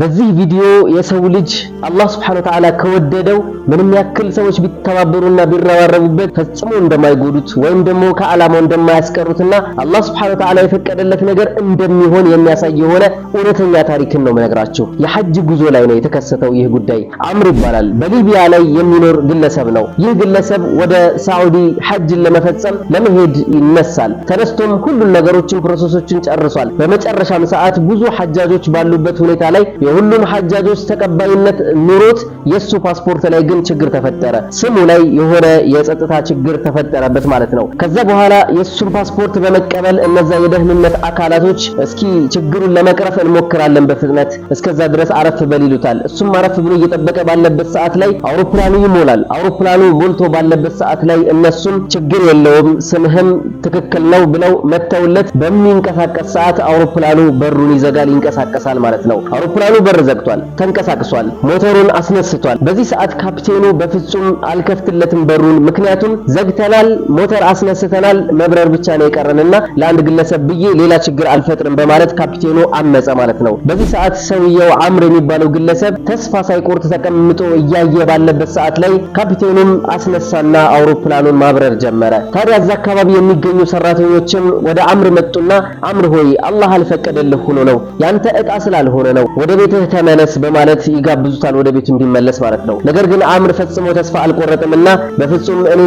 በዚህ ቪዲዮ የሰው ልጅ አላህ ሱብሓነሁ ወተዓላ ከወደደው ምንም ያክል ሰዎች ቢተባበሩና ቢረባረቡበት ፈጽሞ እንደማይጎዱት ወይም ደግሞ ከዓላማው እንደማያስቀሩትና አላህ ሱብሓነሁ ወተዓላ የፈቀደለት ነገር እንደሚሆን የሚያሳይ የሆነ እውነተኛ ታሪክን ነው መነግራችሁ። የሐጅ ጉዞ ላይ ነው የተከሰተው ይህ ጉዳይ። አምር ይባላል በሊቢያ ላይ የሚኖር ግለሰብ ነው። ይህ ግለሰብ ወደ ሳዑዲ ሐጅን ለመፈጸም ለመሄድ ይነሳል። ተነስቶም ሁሉን ነገሮችን ፕሮሰሶችን ጨርሷል። በመጨረሻም ሰዓት ብዙ ሐጃጆች ባሉበት ሁኔታ ላይ የሁሉም ሐጃጆች ተቀባይነት ኑሮት የሱ ፓስፖርት ላይ ግን ችግር ተፈጠረ። ስሙ ላይ የሆነ የጸጥታ ችግር ተፈጠረበት ማለት ነው። ከዛ በኋላ የሱን ፓስፖርት በመቀበል እነዛ የደህንነት አካላቶች እስኪ ችግሩን ለመቅረፍ እንሞክራለን በፍጥነት እስከዛ ድረስ አረፍ በል ይሉታል። እሱም አረፍ ብሎ እየጠበቀ ባለበት ሰዓት ላይ አውሮፕላኑ ይሞላል። አውሮፕላኑ ሞልቶ ባለበት ሰዓት ላይ እነሱም ችግር የለውም ስምህም ትክክል ነው ብለው መተውለት በሚንቀሳቀስ ሰዓት አውሮፕላኑ በሩን ይዘጋል፣ ይንቀሳቀሳል ማለት ነው አውሮፕላኑ ፕላኑ በር ዘግቷል፣ ተንቀሳቅሷል፣ ሞተሩን አስነስቷል። በዚህ ሰዓት ካፕቴኑ በፍጹም አልከፍትለትም በሩን፣ ምክንያቱም ዘግተናል፣ ሞተር አስነስተናል፣ መብረር ብቻ ነው የቀረንና ለአንድ ግለሰብ ብዬ ሌላ ችግር አልፈጥርም በማለት ካፕቴኑ አመፀ ማለት ነው። በዚህ ሰዓት ሰውየው አምር የሚባለው ግለሰብ ተስፋ ሳይቆርጥ ተቀምጦ እያየ ባለበት ሰዓት ላይ ካፕቴኑም አስነሳና አውሮፕላኑን ማብረር ጀመረ። ታዲያ እዛ አካባቢ የሚገኙ ሰራተኞችም ወደ አምር መጡና አምር ሆይ አላህ አልፈቀደልህ ሆኖ ነው ያንተ እጣ ስላልሆነ ነው ወደ ቤትህ ተመለስ በማለት ይጋብዙታል፣ ወደ ቤቱ እንዲመለስ ማለት ነው። ነገር ግን አምር ፈጽሞ ተስፋ አልቆረጥምና በፍጹም እኔ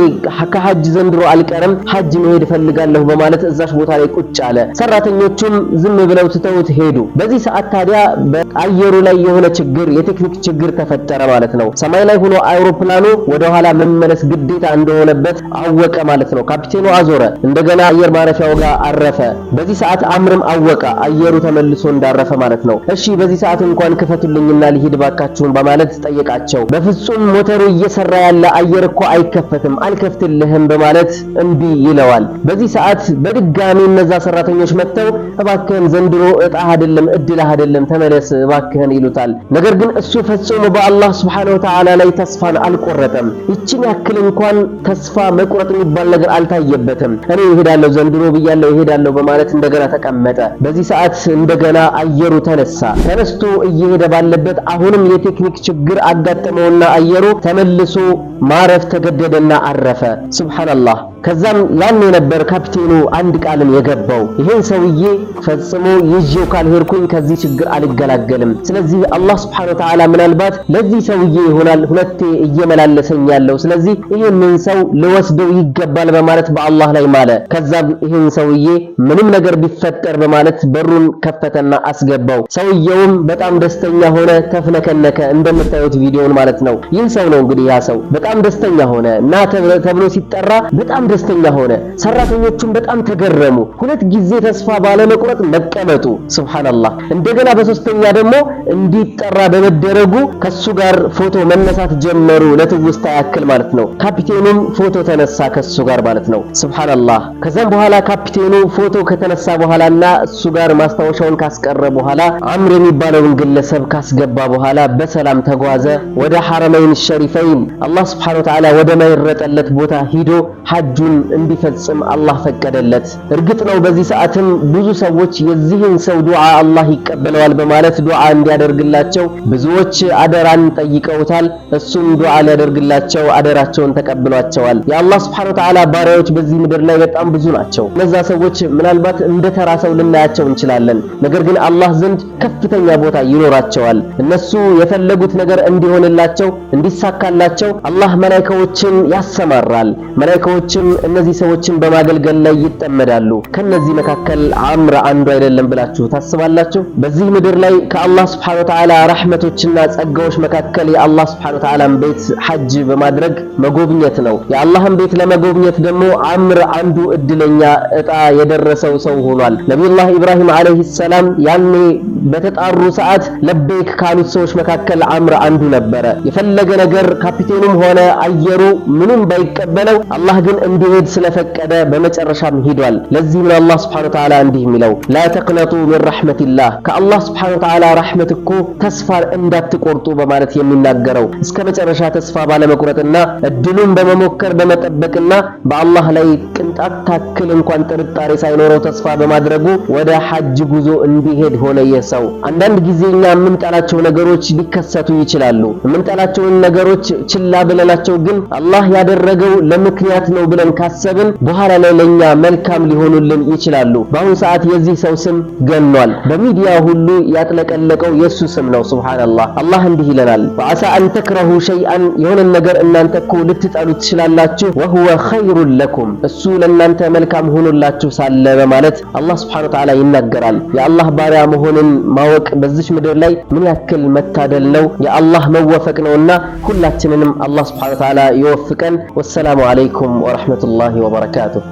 ከሐጅ ዘንድሮ አልቀርም፣ ሐጅ መሄድ እፈልጋለሁ በማለት እዛሽ ቦታ ላይ ቁጭ አለ። ሰራተኞቹም ዝም ብለው ትተውት ሄዱ። በዚህ ሰዓት ታዲያ በአየሩ ላይ የሆነ ችግር፣ የቴክኒክ ችግር ተፈጠረ ማለት ነው። ሰማይ ላይ ሆኖ አውሮፕላኑ ወደ ኋላ መመለስ ግዴታ እንደሆነበት አወቀ ማለት ነው። ካፒቴኑ አዞረ፣ እንደገና አየር ማረፊያው ጋር አረፈ። በዚህ ሰዓት አምርም አወቀ አየሩ ተመልሶ እንዳረፈ ማለት ነው። እሺ በዚህ ሰዓት እንኳን ክፈቱልኝና ልሂድ ባካችሁን በማለት ጠየቃቸው። በፍጹም ሞተሩ እየሰራ ያለ አየር እኮ አይከፈትም አልከፍትልህም በማለት እምቢ ይለዋል። በዚህ ሰዓት በድጋሚ እነዛ ሰራተኞች መጥተው እባክህን ዘንድሮ እጣ አይደለም እድል አይደለም ተመለስ እባክህን ይሉታል። ነገር ግን እሱ ፈጽሞ በአላህ ሱብሓነሁ ወተዓላ ላይ ተስፋን አልቆረጠም። ይችን ያክል እንኳን ተስፋ መቁረጥ የሚባል ነገር አልታየበትም። እኔ ይሄዳለሁ ዘንድሮ ብያለሁ ይሄዳለሁ በማለት እንደገና ተቀመጠ። በዚህ ሰዓት እንደገና አየሩ ተነሳ። ተነስቶ እየሄደ ባለበት አሁንም የቴክኒክ ችግር አጋጠመውና አየሩ ተመልሶ ማረፍ ተገደደና አረፈ። ሱብሃንአላህ ከዛም ያኔ ነበር ካፕቴኑ አንድ ቃልን የገባው፣ ይህን ሰውዬ ፈጽሞ ይዤው ካልሄድኩኝ ከዚህ ችግር አልገላገልም። ስለዚህ አላህ ስብሐነሁ ወተዓላ ምናልባት ለዚህ ሰውዬ ይሆናል ሁለቴ እየመላለሰኝ ያለው፣ ስለዚህ ይህንን ሰው ልወስደው ይገባል በማለት በአላህ ላይ ማለ። ከዛም ይህን ሰውዬ ምንም ነገር ቢፈጠር በማለት በሩን ከፈተና አስገባው። ሰውየውም በጣም ደስተኛ ሆነ፣ ተፍነከነከ። እንደምታዩት ቪዲዮን ማለት ነው። ይህ ሰው ነው እንግዲህ ያ ሰው በጣም ደስተኛ ሆነ እና ተብሎ ሲጠራ በጣም ደስተኛ ሆነ። ሰራተኞቹም በጣም ተገረሙ። ሁለት ጊዜ ተስፋ ባለመቁረጥ መቀመጡ ሱብሃንአላህ። እንደገና በሶስተኛ ደግሞ እንዲጠራ በመደረጉ ከሱ ጋር ፎቶ መነሳት ጀመሩ፣ ለትውስታ ያክል ማለት ነው። ካፒቴኑም ፎቶ ተነሳ ከሱ ጋር ማለት ነው። ሱብሃንአላህ። ከዛም በኋላ ካፒቴኑ ፎቶ ከተነሳ በኋላና እሱ ጋር ማስታወሻውን ካስቀረ በኋላ አምር የሚባለውን ግለሰብ ካስገባ በኋላ በሰላም ተጓዘ ወደ ሐረመይን ሸሪፈይን አላህ ሱብሃነሁ ወተዓላ ወደ ማይረጠለት ቦታ ሂዶ ሐጅ ሐጁን እንዲፈጽም አላህ ፈቀደለት። እርግጥ ነው በዚህ ሰዓትም ብዙ ሰዎች የዚህን ሰው ዱዓ አላህ ይቀበለዋል በማለት ዱዓ እንዲያደርግላቸው ብዙዎች አደራን ጠይቀውታል። እሱም ዱዓ ሊያደርግላቸው አደራቸውን ተቀብሏቸዋል። የአላህ ሱብሓነሁ ወተዓላ ባሪያዎች በዚህ ምድር ላይ በጣም ብዙ ናቸው። እነዛ ሰዎች ምናልባት እንደ ተራ ሰው ልናያቸው እንችላለን። ነገር ግን አላህ ዘንድ ከፍተኛ ቦታ ይኖራቸዋል። እነሱ የፈለጉት ነገር እንዲሆንላቸው እንዲሳካላቸው አላህ መላኢካዎችን ያሰማራል። መላኢካዎችን ሌሎችም እነዚህ ሰዎችን በማገልገል ላይ ይጠመዳሉ። ከነዚህ መካከል አምራ አንዱ አይደለም ብላችሁ ታስባላችሁ? በዚህ ምድር ላይ ከአላህ ስብሐነ ወተዓላ ረህመቶችና ጸጋዎች መካከል የአላህ ስብሐነ ወተዓላን ቤት ሐጅ በማድረግ መጎብኘት ነው። የአላህን ቤት ለመጎብኘት ደግሞ አምር አንዱ እድለኛ እጣ የደረሰው ሰው ሆኗል። ነቢዩላህ ኢብራሂም ዓለይሂ ሰላም ያኔ በተጣሩ ሰዓት ለበይክ ካሉት ሰዎች መካከል አምር አንዱ ነበረ። የፈለገ ነገር ካፒቴኑም ሆነ አየሩ ምንም ባይቀበለው አላህ ግን እንዲሄድ ስለፈቀደ በመጨረሻም ሂዷል። ለዚህ ምን አላህ ሱብሓነሁ ወተዓላ እንዲህ የሚለው ላ ተቅነጡ ሚን ረሕመቲላህ፣ ከአላህ ሱብሓነሁ ወተዓላ ረሕመት እኮ ተስፋ እንዳትቆርጡ በማለት የሚናገረው እስከ መጨረሻ ተስፋ ባለመቁረጥና እድሉን በመሞከር በመጠበቅና በአላህ ላይ ቅንጣት ታክል እንኳን ጥርጣሬ ሳይኖረው ተስፋ በማድረጉ ወደ ሐጅ ጉዞ እንዲሄድ ሆነ። ሰው አንዳንድ ጊዜ እኛ የምንጠላቸው ነገሮች ሊከሰቱ ይችላሉ። የምንጠላቸውን ነገሮች ችላ ብለናቸው ግን አላህ ያደረገው ለምክንያት ነው ብለን ካሰብን በኋላ ላይ ለኛ መልካም ሊሆኑልን ይችላሉ። በአሁኑ ሰዓት የዚህ ሰው ስም ገኗል። በሚዲያ ሁሉ ያጥለቀለቀው የሱ ስም ነው። ሱብሃንአላህ። አላህ እንዲህ ይለናል፣ ወአሳ አን ተክረሁ ሸይአን የሆነን ነገር እናንተ እኮ ልትጠሉ ትችላላችሁ፣ ወሁወ ኸይሩን ለኩም እሱ ለእናንተ መልካም ሆኖላችሁ ሳለ በማለት አላህ ሱብሃነሁ ወተዓላ ይናገራል። የአላህ ባሪያ መሆንን ማወቅ በዚች ምድር ላይ ምን ያክል መታደል ነው፣ የአላህ መወፈቅ ነውና ሁላችንንም አላህ ሱብሓነሁ ወተዓላ ይወፍቀን። ወሰላሙ አለይኩም ወረሕመቱላሂ ወበረካቱሁ።